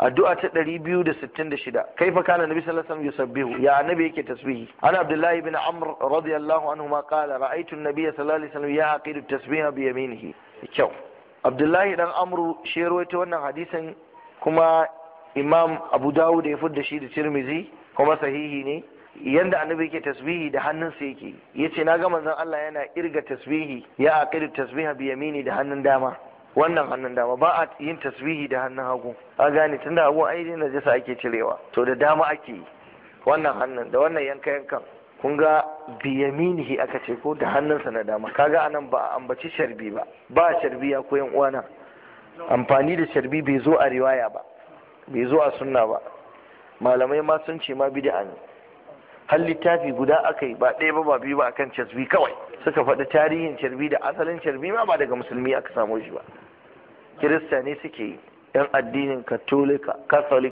addu'a ta 266 kaifa kana nabi sallallahu alaihi wasallam yusabbihu ya nabi yake tasbihi ana abdullahi ibn amr radiyallahu anhu ma qala ra'aytu an-nabiy sallallahu alaihi wasallam yaqidu at-tasbih bi yaminihi kyau abdullahi dan amru shi rawaito wannan hadisin kuma imam abu dawud ya fudda shi da tirmizi kuma sahihi ne yanda annabi yake tasbihi da hannunsa yake yace na ga manzon Allah yana irga tasbihi ya aqidu tasbiha bi yamini da hannun dama wannan hannun dama ba a yin taswihi da hannun hagu a gane da hagu ainihin na najasa ake cirewa to da dama ake yi wannan hannun da wannan yanka yankan kun ga biyaminihi aka ce ko da hannunsa na dama kaga anan ba a ambaci sharbi ba ba a sharbi ya koyan uwana amfani da sharbi bai zo a riwaya ba bai zo a sunna ba malamai ma sun ce ma bid'a ne har littafi guda aka yi ba ɗaya ba ba biyu ba akan carbi kawai suka faɗi tarihin carbi da asalin carbi ma ba daga musulmi aka samo shi ba kirista ne suke yi yan addinin katolika